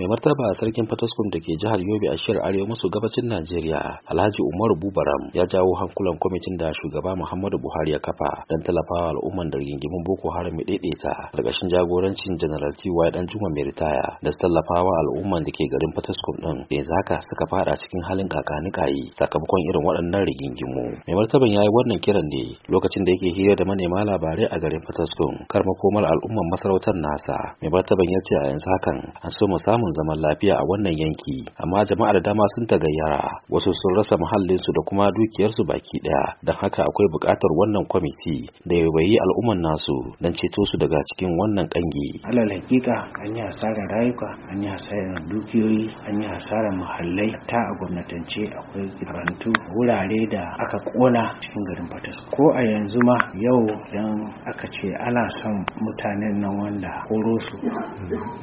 mai martaba a sarkin fatoskum da ke jihar yobe a shirar arewa maso gabacin najeriya alhaji umaru bubaram ya jawo hankulan kwamitin da shugaba muhammadu buhari ya kafa don tallafawa al'umman da gingimin boko haram ya daidaita ƙarƙashin jagorancin general ty dan juma mai ritaya da tallafawa al'umman da ke garin fatoskum din da yanzu haka suka fada cikin halin kakanikayi sakamakon irin waɗannan rigingimu mai martaban ya yi wannan kiran ne lokacin da yake hira da manema labarai a garin fatoskum kar makomar al'umman masarautar nasa mai martaban ya ce a yanzu hakan an so mu samun samun zaman lafiya a wannan yanki amma jama'a da dama sun tagayyara wasu sun rasa muhallinsu da kuma dukiyarsu baki daya don haka akwai buƙatar wannan kwamiti da ya al'umman nasu don ceto su daga cikin wannan kangi alal hakika an yi hasarar rayuka an yi hasarar dukiyoyi an yi hasarar muhallai ta a gwamnatance akwai karantu wurare da aka kona cikin garin fatas ko a yanzu ma yau dan aka ce ana son mutanen nan wanda koro su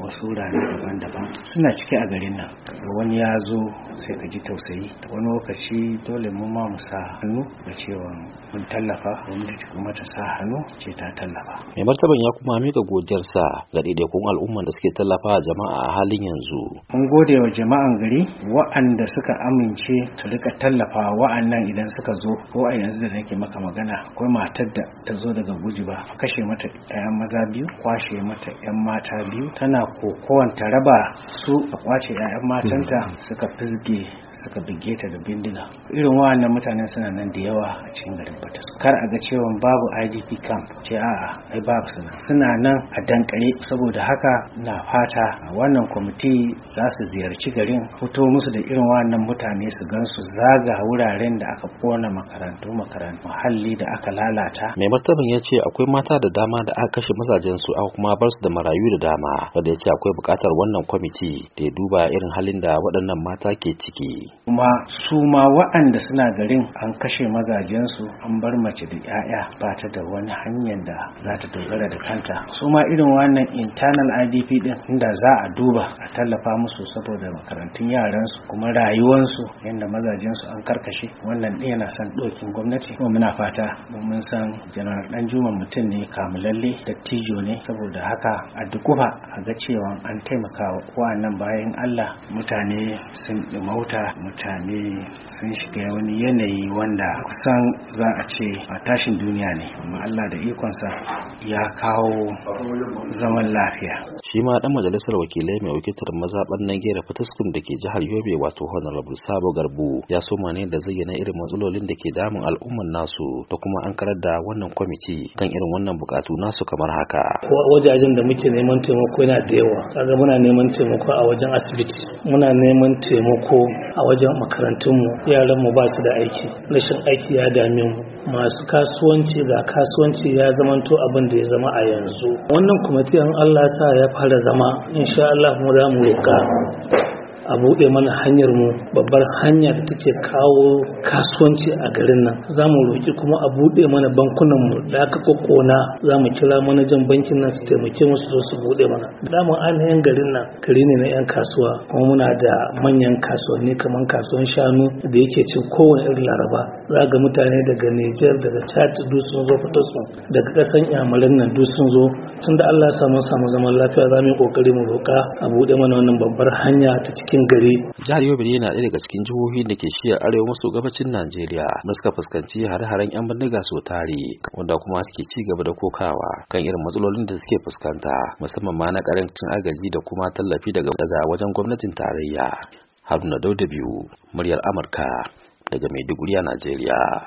wasu wurare daban-daban suna cike a garin nan wani ya zo sai ka ji tausayi wani lokaci dole mu ma mu sa hannu da cewa mun tallafa gwamnati kuma ta sa hannu ce ta tallafa mai martaban ya kuma mika godiyarsa ga daidaikun al'umma da suke tallafa jama'a a halin yanzu mun gode wa jama'an gari wa'anda suka amince su rika tallafa wa'annan idan suka zo ko a yanzu da nake maka magana ko matar da ta zo daga guji ba kashe mata 'yan maza biyu kwashe mata 'yan mata biyu tana kokowanta raba su a kwace 'ya'yan matanta suka fi ta'addi suka bige ta da bindiga irin wa'annan mutanen suna nan da yawa a cikin garin Bata kar a ga cewa babu IDP camp ce a'a ai babu suna suna nan a dankare saboda haka na fata wannan kwamiti za su ziyarci garin fito musu da irin wa'annan mutane su gansu zaga wuraren da aka kona makarantu makarantu muhalli da aka lalata mai martaban ya ce akwai mata da dama da aka kashe mazajen su aka kuma bar su da marayu da dama wanda ya ce akwai bukatar wannan kwamiti da ya duba irin halin da waɗannan mata ke ciki kuma su ma wa'anda suna garin an kashe mazajensu an bar mace da 'ya'ya ba ta da wani hanyar da za ta dogara da kanta su ma irin wannan internal idp din inda za a duba a tallafa musu saboda makarantun yaransu kuma rayuwarsu, yadda mazajensu an karkashe wannan ɗaya na san ɗokin gwamnati kuma muna fata mun san janar dan juma mutum ne kamulalle dattijo ne saboda haka a dukufa a ga cewa an taimaka wa'annan bayan allah mutane sun mauta mutane sun shiga wani yanayi wanda kusan za a ce a tashin duniya ne amma Allah da ikonsa ya kawo zaman lafiya shi ma dan majalisar wakilai mai wakiltar mazaban Nangera Fataskum da ke jihar Yobe wato Honorable Sabo Garbu ya soma ne da zayyana irin matsalolin da ke damun al'umman nasu ta kuma an karar da wannan kwamiti kan irin wannan bukatu nasu kamar haka wajajen da muke neman taimako yana da yawa kaga muna neman taimako a wajen asibiti muna neman taimako a wajen makarantunmu yaranmu ba su da aiki rashin aiki ya dame mu masu kasuwanci ga kasuwanci ya zamanto abin da ya zama a yanzu wannan kuma tiyan allah sa ya fara zama insha allah mu za mu a buɗe mana hanyar mu babbar hanya da take kawo kasuwanci a garin nan za mu roƙi kuma a buɗe mana bankunan mu da aka kokona za mu kira manajan bankin nan su taimake mu su zo su buɗe mana damu ainihin garin nan kare ne na 'yan kasuwa kuma muna da manyan kasuwanni kamar kasuwan shanu da yake cin kowane irin laraba za ga mutane daga Nijar daga Chad duk sun zo fito su daga kasan yamarin nan duk sun zo tunda Allah ya samu samu zaman lafiya za mu yi kokari mu roƙa a buɗe mana wannan babbar hanya ta cikin cikin gari jihar yobe ne yana ɗaya daga cikin jihohi da ke shiyar arewa maso gabacin najeriya da suka fuskanci hare-haren yan bindiga so tare wanda kuma suke ci gaba da kokawa kan irin matsalolin da suke fuskanta musamman ma na karancin agaji da kuma tallafi daga wajen gwamnatin tarayya haruna dauda biyu muryar amurka daga maiduguri a najeriya